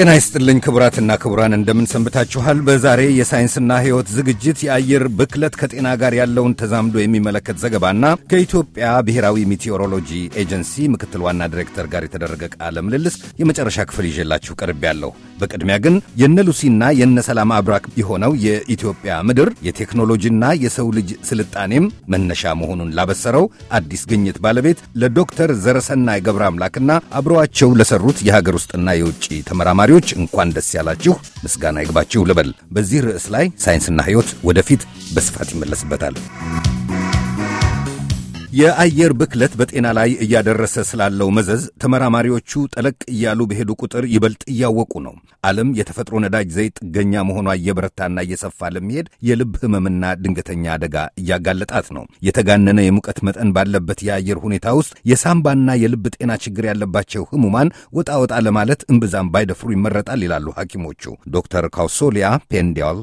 ጤና ይስጥልኝ ክቡራትና ክቡራን፣ እንደምን ሰንብታችኋል? በዛሬ የሳይንስና ሕይወት ዝግጅት የአየር ብክለት ከጤና ጋር ያለውን ተዛምዶ የሚመለከት ዘገባና ከኢትዮጵያ ብሔራዊ ሚቴዎሮሎጂ ኤጀንሲ ምክትል ዋና ዲሬክተር ጋር የተደረገ ቃለ ምልልስ የመጨረሻ ክፍል ይዤላችሁ ቀርቤያለሁ። በቅድሚያ ግን የነ ሉሲና የነ ሰላም አብራክ የሆነው የኢትዮጵያ ምድር የቴክኖሎጂና የሰው ልጅ ስልጣኔም መነሻ መሆኑን ላበሰረው አዲስ ግኝት ባለቤት ለዶክተር ዘረሰናይ ገብረ አምላክና አብረዋቸው ለሰሩት የሀገር ውስጥና የውጭ ተመራማሪ ተመራማሪዎች እንኳን ደስ ያላችሁ፣ ምስጋና ይግባችሁ ልበል። በዚህ ርዕስ ላይ ሳይንስና ሕይወት ወደፊት በስፋት ይመለስበታል። የአየር ብክለት በጤና ላይ እያደረሰ ስላለው መዘዝ ተመራማሪዎቹ ጠለቅ እያሉ በሄዱ ቁጥር ይበልጥ እያወቁ ነው። ዓለም የተፈጥሮ ነዳጅ ዘይት ጥገኛ መሆኗ እየበረታና እየሰፋ ለመሄድ የልብ ሕመምና ድንገተኛ አደጋ እያጋለጣት ነው። የተጋነነ የሙቀት መጠን ባለበት የአየር ሁኔታ ውስጥ የሳምባና የልብ ጤና ችግር ያለባቸው ህሙማን ወጣ ወጣ ለማለት እምብዛም ባይደፍሩ ይመረጣል ይላሉ ሐኪሞቹ። ዶክተር ካውሶሊያ ፔንዲያል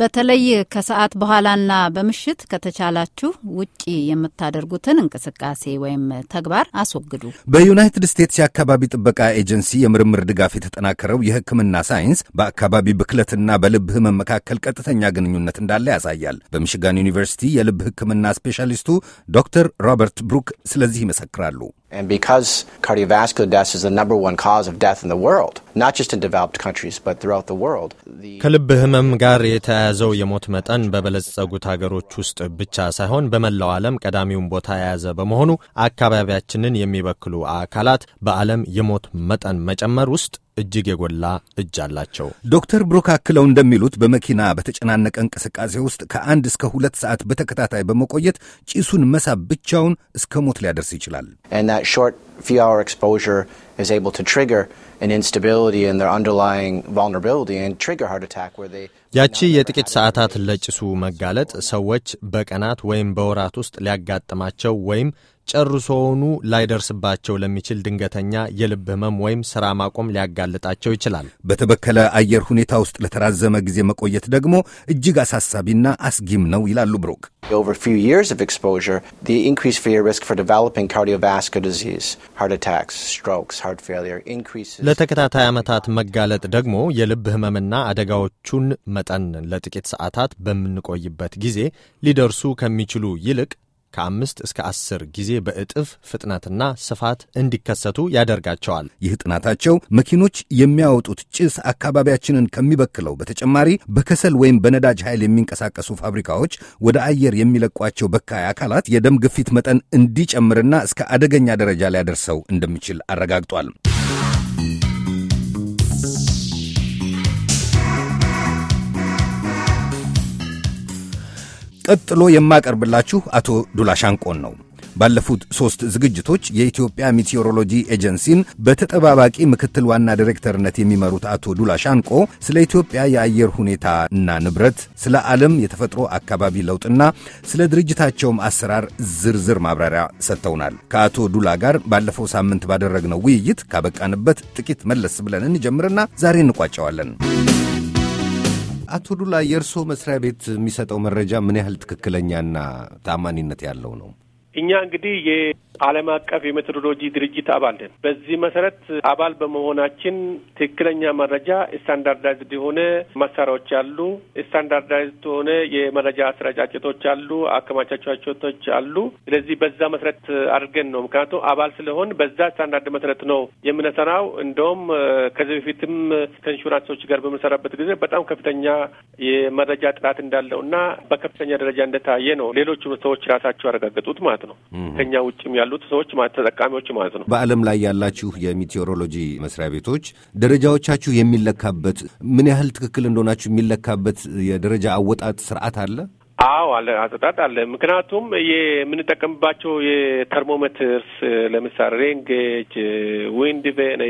በተለይ ከሰዓት በኋላና በምሽት ከተቻላችሁ ውጪ የምታደርጉትን እንቅስቃሴ ወይም ተግባር አስወግዱ። በዩናይትድ ስቴትስ የአካባቢ ጥበቃ ኤጀንሲ የምርምር ድጋፍ የተጠናከረው የሕክምና ሳይንስ በአካባቢ ብክለትና በልብ ህመም መካከል ቀጥተኛ ግንኙነት እንዳለ ያሳያል። በሚሽጋን ዩኒቨርሲቲ የልብ ሕክምና ስፔሻሊስቱ ዶክተር ሮበርት ብሩክ ስለዚህ ይመሰክራሉ። ከልብ ህመም ጋር የተያያዘ የያዘው የሞት መጠን በበለጸጉት ሀገሮች ውስጥ ብቻ ሳይሆን በመላው ዓለም ቀዳሚውን ቦታ የያዘ በመሆኑ አካባቢያችንን የሚበክሉ አካላት በዓለም የሞት መጠን መጨመር ውስጥ እጅግ የጎላ እጅ አላቸው። ዶክተር ብሩክ አክለው እንደሚሉት በመኪና በተጨናነቀ እንቅስቃሴ ውስጥ ከአንድ እስከ ሁለት ሰዓት በተከታታይ በመቆየት ጭሱን መሳብ ብቻውን እስከ ሞት ሊያደርስ ይችላል። ያቺ የጥቂት ሰዓታት ለጭሱ መጋለጥ ሰዎች በቀናት ወይም በወራት ውስጥ ሊያጋጥማቸው ወይም ጨርሶውኑ ላይደርስባቸው ለሚችል ድንገተኛ የልብ ህመም ወይም ሥራ ማቆም ሊያጋልጣቸው ይችላል። በተበከለ አየር ሁኔታ ውስጥ ለተራዘመ ጊዜ መቆየት ደግሞ እጅግ አሳሳቢና አስጊም ነው ይላሉ ብሩክ። ለተከታታይ ዓመታት መጋለጥ ደግሞ የልብ ህመምና አደጋዎቹን መጠን ለጥቂት ሰዓታት በምንቆይበት ጊዜ ሊደርሱ ከሚችሉ ይልቅ ከአምስት እስከ አስር ጊዜ በእጥፍ ፍጥነትና ስፋት እንዲከሰቱ ያደርጋቸዋል። ይህ ጥናታቸው መኪኖች የሚያወጡት ጭስ አካባቢያችንን ከሚበክለው በተጨማሪ በከሰል ወይም በነዳጅ ኃይል የሚንቀሳቀሱ ፋብሪካዎች ወደ አየር የሚለቋቸው በካይ አካላት የደም ግፊት መጠን እንዲጨምርና እስከ አደገኛ ደረጃ ሊያደርሰው እንደሚችል አረጋግጧል። ቀጥሎ የማቀርብላችሁ አቶ ዱላ ሻንቆን ነው። ባለፉት ሦስት ዝግጅቶች የኢትዮጵያ ሚቴዎሮሎጂ ኤጀንሲን በተጠባባቂ ምክትል ዋና ዲሬክተርነት የሚመሩት አቶ ዱላ ሻንቆ ስለ ኢትዮጵያ የአየር ሁኔታ እና ንብረት፣ ስለ ዓለም የተፈጥሮ አካባቢ ለውጥና ስለ ድርጅታቸውም አሰራር ዝርዝር ማብራሪያ ሰጥተውናል። ከአቶ ዱላ ጋር ባለፈው ሳምንት ባደረግነው ውይይት ካበቃንበት ጥቂት መለስ ብለን እንጀምርና ዛሬ እንቋጨዋለን። አቶ ዱላ የእርስዎ መስሪያ ቤት የሚሰጠው መረጃ ምን ያህል ትክክለኛና ተአማኒነት ያለው ነው? እኛ እንግዲህ ዓለም አቀፍ የሜትሮሎጂ ድርጅት አባል ነን። በዚህ መሰረት አባል በመሆናችን ትክክለኛ መረጃ ስታንዳርዳይዝድ የሆነ መሳሪያዎች አሉ። ስታንዳርዳይዝድ የሆነ የመረጃ አስረጫጭቶች አሉ፣ አከማቻቻቶች አሉ። ስለዚህ በዛ መሰረት አድርገን ነው ምክንያቱም አባል ስለሆን በዛ ስታንዳርድ መሰረት ነው የምንሰራው። እንደውም ከዚህ በፊትም ከኢንሹራንሶች ጋር በምንሰራበት ጊዜ በጣም ከፍተኛ የመረጃ ጥራት እንዳለው እና በከፍተኛ ደረጃ እንደታየ ነው ሌሎቹ ሰዎች ራሳቸው ያረጋገጡት ማለት ነው ከኛ ውጭም ያሉ ያሉት ሰዎች ተጠቃሚዎች ማለት ነው። በዓለም ላይ ያላችሁ የሚቴዎሮሎጂ መስሪያ ቤቶች ደረጃዎቻችሁ የሚለካበት ምን ያህል ትክክል እንደሆናችሁ የሚለካበት የደረጃ አወጣጥ ስርዓት አለ? አዎ አለ፣ አጠጣጥ አለ። ምክንያቱም የምንጠቀምባቸው የተርሞሜትርስ ለምሳሌ ሬንጌጅ፣ ጌጅ፣ ዊንድ ቬን፣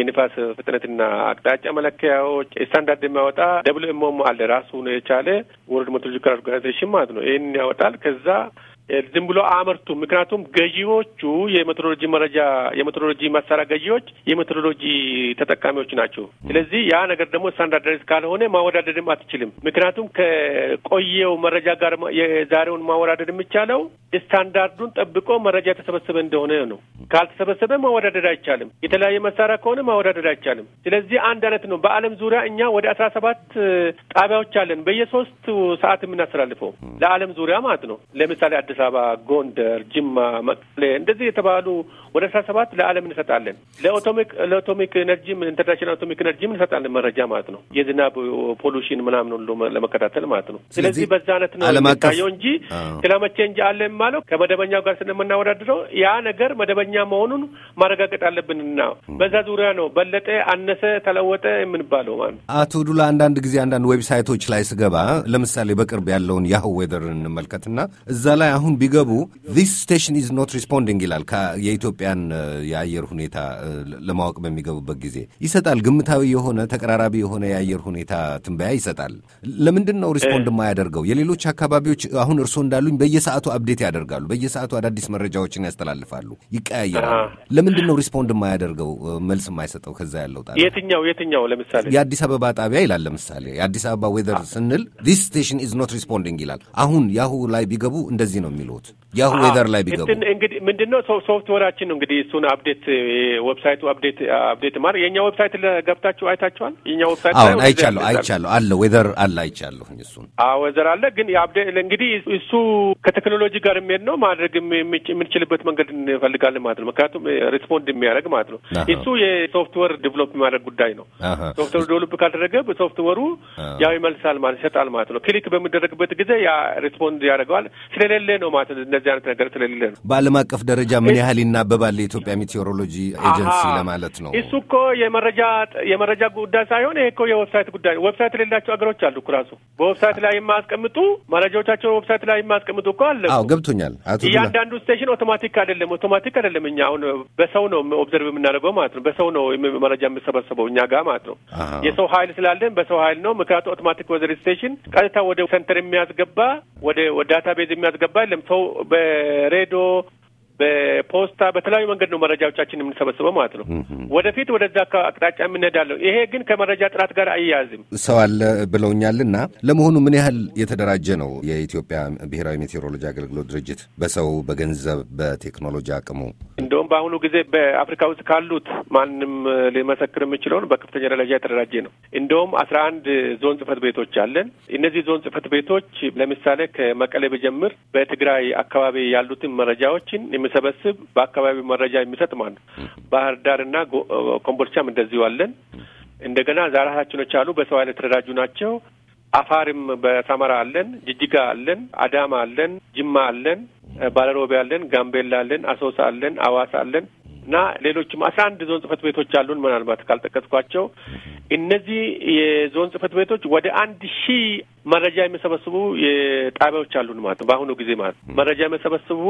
የንፋስ ፍጥነትና አቅጣጫ መለኪያዎች ስታንዳርድ የሚያወጣ ደብልዩ ኤም አለ ራሱ የቻለ ወርልድ ሜትሮሎጂካል ኦርጋናይዜሽን ማለት ነው። ይህን ያወጣል ከዛ ዝም ብሎ አመርቱ። ምክንያቱም ገዢዎቹ የሜትሮሎጂ መረጃ የሜትሮሎጂ መሳሪያ ገዢዎች የሜትሮሎጂ ተጠቃሚዎች ናቸው። ስለዚህ ያ ነገር ደግሞ ስታንዳርዳይዝ ካልሆነ ማወዳደድም አትችልም። ምክንያቱም ከቆየው መረጃ ጋር የዛሬውን ማወዳደድ የሚቻለው ስታንዳርዱን ጠብቆ መረጃ የተሰበሰበ እንደሆነ ነው። ካልተሰበሰበ ማወዳደድ አይቻልም። የተለያየ መሳሪያ ከሆነ ማወዳደድ አይቻልም። ስለዚህ አንድ አይነት ነው። በዓለም ዙሪያ እኛ ወደ አስራ ሰባት ጣቢያዎች አለን። በየሶስት ሰዓት የምናስተላልፈው ለዓለም ዙሪያ ማለት ነው። ለምሳሌ አዲስ አበባ፣ ጎንደር፣ ጅማ፣ መቀሌ እንደዚህ የተባሉ ወደ አስራ ሰባት ለዓለም እንሰጣለን። ለኦቶሚክ ለኦቶሚክ ኤነርጂም ኢንተርናሽናል ኦቶሚክ ኤነርጂም እንሰጣለን መረጃ ማለት ነው። የዝናብ ፖሉሽን ምናምን ሁሉ ለመከታተል ማለት ነው። ስለዚህ በዛ አይነት ነው የሚታየው እንጂ ክላይሜት እንጂ አለ የሚባለው ከመደበኛው ጋር ስለምናወዳድረው ያ ነገር መደበኛ መሆኑን ማረጋገጥ አለብንና በዛ ዙሪያ ነው በለጠ፣ አነሰ፣ ተለወጠ የምንባለው ማለት ነው። አቶ ዱላ አንዳንድ ጊዜ አንዳንድ ዌብሳይቶች ላይ ስገባ ለምሳሌ በቅርብ ያለውን ያሁ ዌደርን እንመልከትና እዛ ላይ አሁን አሁን ቢገቡ ዚስ ስቴሽን ኢዝ ኖት ሪስፖንዲንግ ይላል። የኢትዮጵያን የአየር ሁኔታ ለማወቅ በሚገቡበት ጊዜ ይሰጣል። ግምታዊ የሆነ ተቀራራቢ የሆነ የአየር ሁኔታ ትንበያ ይሰጣል። ለምንድን ነው ሪስፖንድ የማያደርገው? የሌሎች አካባቢዎች አሁን እርስዎ እንዳሉኝ በየሰዓቱ አብዴት ያደርጋሉ፣ በየሰዓቱ አዳዲስ መረጃዎችን ያስተላልፋሉ፣ ይቀያየራሉ። ለምንድን ነው ሪስፖንድ የማያደርገው? መልስ የማይሰጠው ከዛ ያለው ጣ የትኛው የትኛው? ለምሳሌ የአዲስ አበባ ጣቢያ ይላል። ለምሳሌ የአዲስ አበባ ዌዘር ስንል ዚስ ስቴሽን ኢዝ ኖት ሪስፖንዲንግ ይላል። አሁን ያሁ ላይ ቢገቡ እንደዚህ ነው Milut. ያሁ ዌዘር ላይ ቢገቡ እንግዲህ ምንድን ነው ሶፍትዌራችን ነው እንግዲህ እሱን አፕዴት ዌብሳይቱ አፕዴት አፕዴት ማር የእኛ ዌብሳይት ለገብታችሁ አይታችኋል። የእኛ ዌብሳይት አሁን አይቻለሁ አይቻለሁ አለ ዌዘር አለ አይቻለሁ እሱን ዌዘር አለ ግን እንግዲህ እሱ ከቴክኖሎጂ ጋር የሚሄድ ነው ማድረግ የምንችልበት መንገድ እንፈልጋለን ማለት ነው። ምክንያቱም ሪስፖንድ የሚያደርግ ማለት ነው። እሱ የሶፍትዌር ዲቨሎፕ የሚያደርግ ጉዳይ ነው። ሶፍትዌር ዲቨሎፕ ካልተደረገ በሶፍትዌሩ ያው ይመልሳል ማለት ይሰጣል ማለት ነው። ክሊክ በሚደረግበት ጊዜ ያ ሪስፖንድ ያደርገዋል ስለሌለ ነው ማለት ነው። እንደዚህ አይነት ነገር ስለሌለ ነው። በዓለም አቀፍ ደረጃ ምን ያህል ይናበባል የኢትዮጵያ ሜቴዎሮሎጂ ኤጀንሲ ለማለት ነው። እሱ እኮ የመረጃ የመረጃ ጉዳይ ሳይሆን ይሄ እኮ የዌብሳይት ጉዳይ ነው። ዌብሳይት የሌላቸው ሀገሮች አሉ እኮ ራሱ በዌብሳይት ላይ የማያስቀምጡ መረጃዎቻቸውን ዌብሳይት ላይ የማያስቀምጡ እኮ አለ። አዎ ገብቶኛል። አቶ እያንዳንዱ ስቴሽን ኦቶማቲክ አይደለም፣ ኦቶማቲክ አይደለም። እኛ አሁን በሰው ነው ኦብዘርቭ የምናደርገው ማለት ነው። በሰው ነው መረጃ የምሰበሰበው እኛ ጋር ማለት ነው። የሰው ኃይል ስላለን በሰው ኃይል ነው። ምክንያቱ ኦቶማቲክ ወዘር ስቴሽን ቀጥታ ወደ ሴንተር የሚያስገባ ወደ ዳታ ቤዝ የሚያስገባ የለም። ሰው በሬዲዮ፣ በፖስታ፣ በተለያዩ መንገድ ነው መረጃዎቻችን የምንሰበስበው ማለት ነው። ወደፊት ወደዛ አቅጣጫ የምንሄዳለው። ይሄ ግን ከመረጃ ጥራት ጋር አያያዝም። ሰው አለ ብለውኛልና፣ ለመሆኑ ምን ያህል የተደራጀ ነው የኢትዮጵያ ብሔራዊ ሜቴሮሎጂ አገልግሎት ድርጅት በሰው በገንዘብ፣ በቴክኖሎጂ አቅሙ? እንደውም በአሁኑ ጊዜ በአፍሪካ ውስጥ ካሉት ማንም ሊመሰክር የሚችለውን በከፍተኛ ደረጃ የተደራጀ ነው። እንደውም አስራ አንድ ዞን ጽህፈት ቤቶች አለን። እነዚህ ዞን ጽህፈት ቤቶች ለምሳሌ ከመቀሌ ብጀምር በትግራይ አካባቢ ያሉትን መረጃዎችን የሚሰበስብ በአካባቢው መረጃ የሚሰጥ ማለት ነው። ባህር ዳርና ኮምቦልቻም እንደዚሁ አለን። እንደገና ዛራሳችኖች አሉ። በሰው ኃይል የተደራጁ ናቸው። አፋርም በሰመራ አለን፣ ጅጅጋ አለን፣ አዳማ አለን፣ ጅማ አለን። ባለሮቤ አለን፣ ጋምቤላ አለን፣ አሶሳ አለን፣ አዋሳ አለን እና ሌሎችም አስራ አንድ ዞን ጽህፈት ቤቶች አሉን። ምናልባት ካልጠቀስኳቸው እነዚህ የዞን ጽህፈት ቤቶች ወደ አንድ ሺህ መረጃ የሚሰበስቡ የጣቢያዎች አሉን ማለት ነው። በአሁኑ ጊዜ ማለት ነው መረጃ የሚሰበስቡ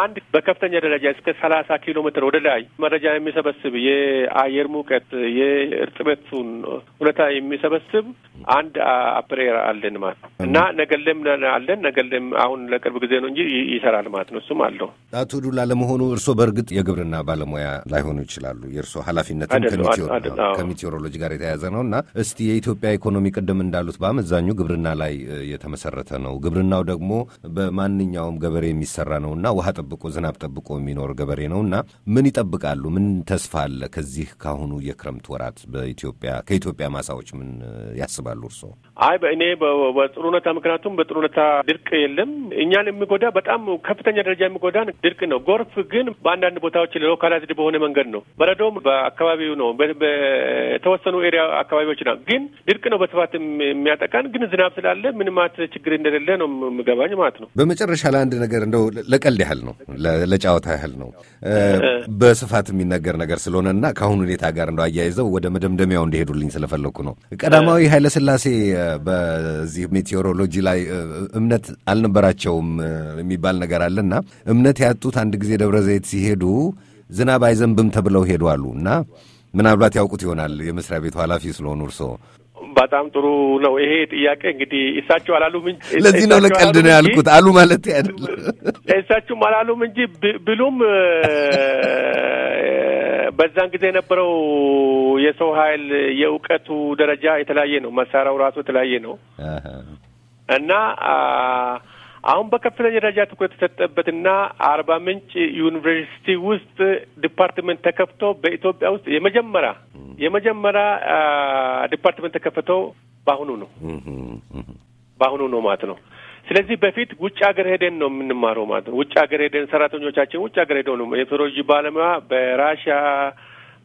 አንድ በከፍተኛ ደረጃ እስከ ሰላሳ ኪሎ ሜትር ወደ ላይ መረጃ የሚሰበስብ የአየር ሙቀት የእርጥበቱን ሁኔታ የሚሰበስብ አንድ አፕሬር አለን ማለት ነው እና ነገለም አለን ነገለም አሁን ለቅርብ ጊዜ ነው እንጂ ይሰራል ማለት ነው። እሱም አለው። አቶ ዱላ ለመሆኑ እርስዎ በእርግጥ የግብርና ባለሙያ ላይሆኑ ይችላሉ። የእርስዎ ኃላፊነትም ከሚቴዎሮሎጂ ጋር የተያያዘ ነው እና እስቲ የኢትዮጵያ ኢኮኖሚ ቅድም እንዳሉት በአመዛኙ ግብርና ላይ የተመሰረተ ነው። ግብርናው ደግሞ በማንኛውም ገበሬ የሚሰራ ነው እና ውሃ ጠብቆ ዝናብ ጠብቆ የሚኖር ገበሬ ነው እና ምን ይጠብቃሉ? ምን ተስፋ አለ ከዚህ ካሁኑ የክረምት ወራት በኢትዮጵያ ከኢትዮጵያ ማሳዎች ምን ያስባሉ? ይላሉ እርስዎ? አይ እኔ በጥሩ ሁኔታ ምክንያቱም በጥሩ ሁኔታ ድርቅ የለም። እኛን የሚጎዳ በጣም ከፍተኛ ደረጃ የሚጎዳን ድርቅ ነው። ጎርፍ ግን በአንዳንድ ቦታዎች ሎካላይዝድ በሆነ መንገድ ነው። በረዶም በአካባቢው ነው፣ በተወሰኑ ኤሪያ አካባቢዎች ነው። ግን ድርቅ ነው በስፋት የሚያጠቃን። ግን ዝናብ ስላለ ምንም ችግር እንደሌለ ነው የምገባኝ ማለት ነው። በመጨረሻ ለአንድ ነገር እንደው ለቀልድ ያህል ነው፣ ለጨዋታ ያህል ነው፣ በስፋት የሚነገር ነገር ስለሆነ እና ከአሁን ሁኔታ ጋር እንደው አያይዘው ወደ መደምደሚያው እንዲሄዱልኝ ስለፈለግኩ ነው ቀዳማዊ ኃይለስ ኃይለሥላሴ በዚህ ሜቴዎሮሎጂ ላይ እምነት አልነበራቸውም የሚባል ነገር አለና እምነት ያጡት አንድ ጊዜ ደብረ ዘይት ሲሄዱ ዝናብ አይዘንብም ተብለው ሄዱ አሉ እና ምናልባት ያውቁት ይሆናል የመስሪያ ቤቱ ኃላፊ ስለሆኑ እርስዎ በጣም ጥሩ ነው። ይሄ ጥያቄ እንግዲህ እሳቸው አላሉም እንጂ ለዚህ ነው ለቀልድ ነው ያልኩት። አሉ ማለት አይደለም እሳቸውም አላሉም እንጂ ብሉም በዛን ጊዜ የነበረው የሰው ኃይል የእውቀቱ ደረጃ የተለያየ ነው። መሳሪያው ራሱ የተለያየ ነው እና አሁን በከፍተኛ ደረጃ ትኩረት የተሰጠበትና አርባ ምንጭ ዩኒቨርሲቲ ውስጥ ዲፓርትመንት ተከፍቶ በኢትዮጵያ ውስጥ የመጀመሪያ የመጀመሪያ ዲፓርትመንት ተከፍቶ በአሁኑ ነው በአሁኑ ነው ማለት ነው። ስለዚህ በፊት ውጭ ሀገር ሄደን ነው የምንማረው ማለት ነው። ውጭ ሀገር ሄደን ሰራተኞቻችን ውጭ ሀገር ሄደው ነው የፕሮጂ ባለሙያ በራሽያ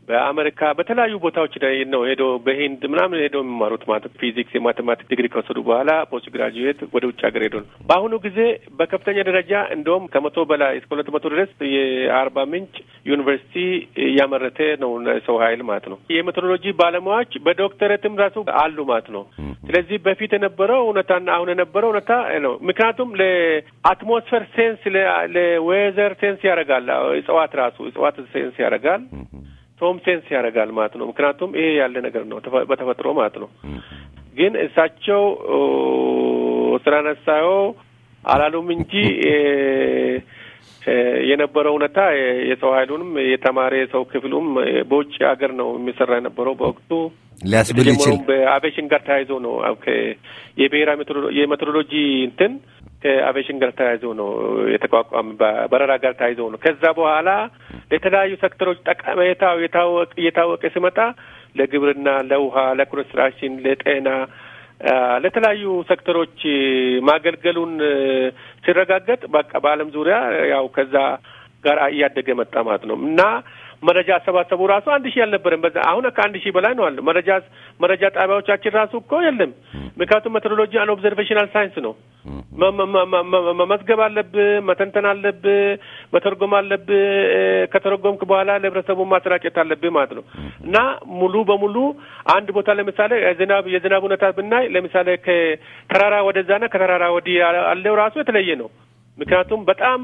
በአሜሪካ በተለያዩ ቦታዎች ላይ ነው ሄዶ በሂንድ ምናምን ሄዶ የሚማሩት ማለት ፊዚክስ የማቴማቲክ ዲግሪ ከወሰዱ በኋላ ፖስት ግራጁዌት ወደ ውጭ ሀገር ሄዶ ነው። በአሁኑ ጊዜ በከፍተኛ ደረጃ እንደውም ከመቶ በላይ እስከ ሁለት መቶ ድረስ የአርባ ምንጭ ዩኒቨርሲቲ እያመረተ ነው ሰው ሀይል ማለት ነው። የሜትሮሎጂ ባለሙያዎች በዶክተረትም ራሱ አሉ ማለት ነው። ስለዚህ በፊት የነበረው እውነታና አሁን የነበረው እውነታ ነው። ምክንያቱም ለአትሞስፌር ሴንስ ለዌዘር ሴንስ ያደርጋል እጽዋት ራሱ እጽዋት ሴንስ ያደርጋል ሰውም ሴንስ ያደርጋል ማለት ነው። ምክንያቱም ይሄ ያለ ነገር ነው በተፈጥሮ ማለት ነው። ግን እሳቸው ነሳዮ አላሉም እንጂ የነበረው እውነታ የሰው ኃይሉንም የተማረ የሰው ክፍሉም በውጭ ሀገር ነው የሚሰራ የነበረው በወቅቱ ሊያስብል ይችል በአቬሽን ጋር ተያይዞ ነው የብሔራዊ የሜትሮሎጂ እንትን ከአቬሽን ጋር ተያይዞ ነው የተቋቋመ በረራ ጋር ተያይዞ ነው። ከዛ በኋላ ለተለያዩ ሴክተሮች ጠቀሜታው የታወቀ እየታወቀ ሲመጣ ለግብርና፣ ለውሃ፣ ለኮንስትራክሽን፣ ለጤና ለተለያዩ ሴክተሮች ማገልገሉን ሲረጋገጥ በቃ በዓለም ዙሪያ ያው ከዛ ጋር እያደገ መጣ ማለት ነው እና መረጃ አሰባሰቡ ራሱ አንድ ሺህ አልነበረም። በዛ አሁን ከአንድ ሺህ በላይ ነው አለ መረጃ መረጃ ጣቢያዎቻችን ራሱ እኮ የለም። ምክንያቱም ሜትሮሎጂ አን ኦብዘርቬሽናል ሳይንስ ነው መመዝገብ አለብህ፣ መተንተን አለብህ፣ መተርጎም አለብህ። ከተረጎምክ በኋላ ለህብረተሰቡ ማሰራጨት አለብህ ማለት ነው እና ሙሉ በሙሉ አንድ ቦታ ለምሳሌ ዝናብ የዝናብ ሁኔታ ብናይ ለምሳሌ ከተራራ ወደዛና ከተራራ ወዲህ ያለው ራሱ የተለየ ነው። ምክንያቱም በጣም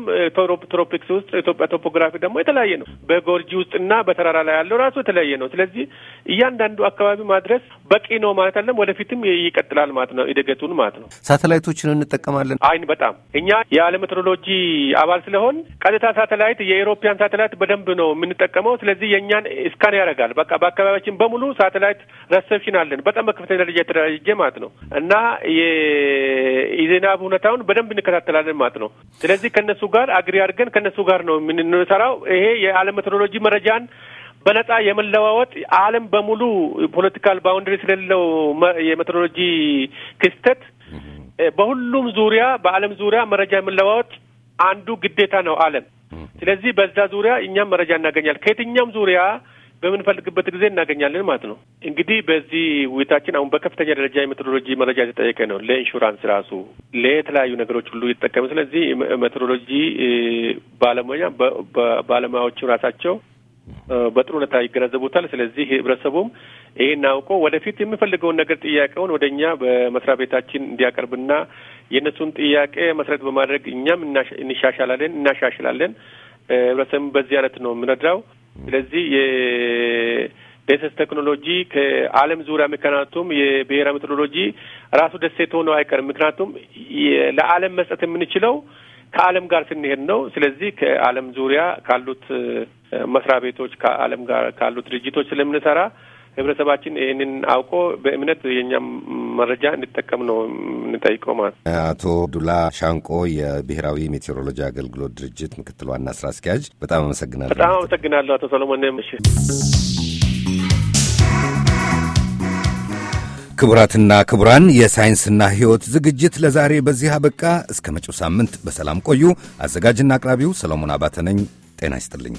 ትሮፒክስ ውስጥ ኢትዮጵያ ቶፖግራፊ ደግሞ የተለያየ ነው። በጎርጂ ውስጥና በተራራ ላይ ያለው ራሱ የተለያየ ነው። ስለዚህ እያንዳንዱ አካባቢ ማድረስ በቂ ነው ማለት አለም ወደፊትም ይቀጥላል ማለት ነው፣ እድገቱን ማለት ነው። ሳተላይቶችን እንጠቀማለን። አይን በጣም እኛ የዓለም ሜትሮሎጂ አባል ስለሆን ቀጥታ ሳተላይት የኤሮፒያን ሳተላይት በደንብ ነው የምንጠቀመው። ስለዚህ የእኛን እስካን ያደርጋል። በቃ በአካባቢያችን በሙሉ ሳተላይት ረሰፕሽን አለን፣ በጣም በከፍተኛ ደረጃ የተደራጀ ማለት ነው እና የዜና ሁኔታውን በደንብ እንከታተላለን ማለት ነው። ስለዚህ ከእነሱ ጋር አግሪ አድርገን ከእነሱ ጋር ነው የምንሰራው። ይሄ የዓለም ሜትሮሎጂ መረጃን በነጻ የመለዋወጥ ዓለም በሙሉ ፖለቲካል ባውንድሪ ስለሌለው የሜትሮሎጂ ክስተት በሁሉም ዙሪያ በዓለም ዙሪያ መረጃ የመለዋወጥ አንዱ ግዴታ ነው ዓለም። ስለዚህ በዛ ዙሪያ እኛም መረጃ እናገኛል ከየትኛውም ዙሪያ በምንፈልግበት ጊዜ እናገኛለን ማለት ነው። እንግዲህ በዚህ ውይይታችን አሁን በከፍተኛ ደረጃ የሜትሮሎጂ መረጃ የተጠየቀ ነው። ለኢንሹራንስ ራሱ ለተለያዩ ነገሮች ሁሉ የተጠቀመ። ስለዚህ ሜትሮሎጂ ባለሙያ ባለሙያዎቹ ራሳቸው በጥሩ ሁኔታ ይገነዘቡታል። ስለዚህ ህብረተሰቡም ይሄን አውቆ ወደፊት የሚፈልገውን ነገር ጥያቄውን ወደ እኛ በመስሪያ ቤታችን እንዲያቀርብና የእነሱን ጥያቄ መሰረት በማድረግ እኛም እንሻሻላለን እናሻሽላለን። ህብረተሰብም በዚህ አይነት ነው የምንረዳው። ስለዚህ የደሴት ቴክኖሎጂ ከዓለም ዙሪያ ምክንያቱም የብሔራዊ ሜትሮሎጂ ራሱ ደሴት ሆነው አይቀርም። ምክንያቱም ለዓለም መስጠት የምንችለው ከዓለም ጋር ስንሄድ ነው። ስለዚህ ከዓለም ዙሪያ ካሉት መስሪያ ቤቶች ከዓለም ጋር ካሉት ድርጅቶች ስለምንሰራ ህብረተሰባችን ይህንን አውቆ በእምነት የኛም መረጃ እንዲጠቀም ነው የምንጠይቀው ማለት ነው። አቶ ዱላ ሻንቆ የብሔራዊ ሜቴሮሎጂ አገልግሎት ድርጅት ምክትል ዋና ስራ አስኪያጅ፣ በጣም አመሰግናለሁ። በጣም አመሰግናለሁ አቶ ሰሎሞን። ምሽ ክቡራትና ክቡራን የሳይንስና ሕይወት ዝግጅት ለዛሬ በዚህ አበቃ። እስከ መጪው ሳምንት በሰላም ቆዩ። አዘጋጅና አቅራቢው ሰሎሞን አባተ ነኝ። ጤና ይስጥልኝ።